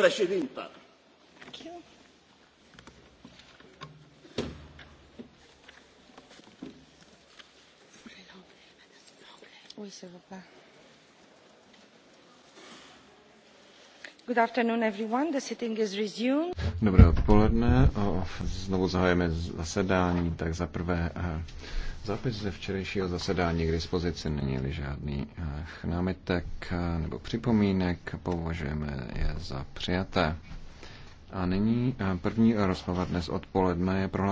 președintă. Oui, s'il vous plaît. Good afternoon, everyone. The sitting is resumed. Dobré odpoledne. Znovu zahajeme zasedání. Tak za prvé eh, Zápis ze včerejšího zasedání k dispozici není žádný eh, námitek eh, nebo připomínek, považujeme je za přijaté. A nyní eh, první rozpova dnes odpoledne je prohlášení.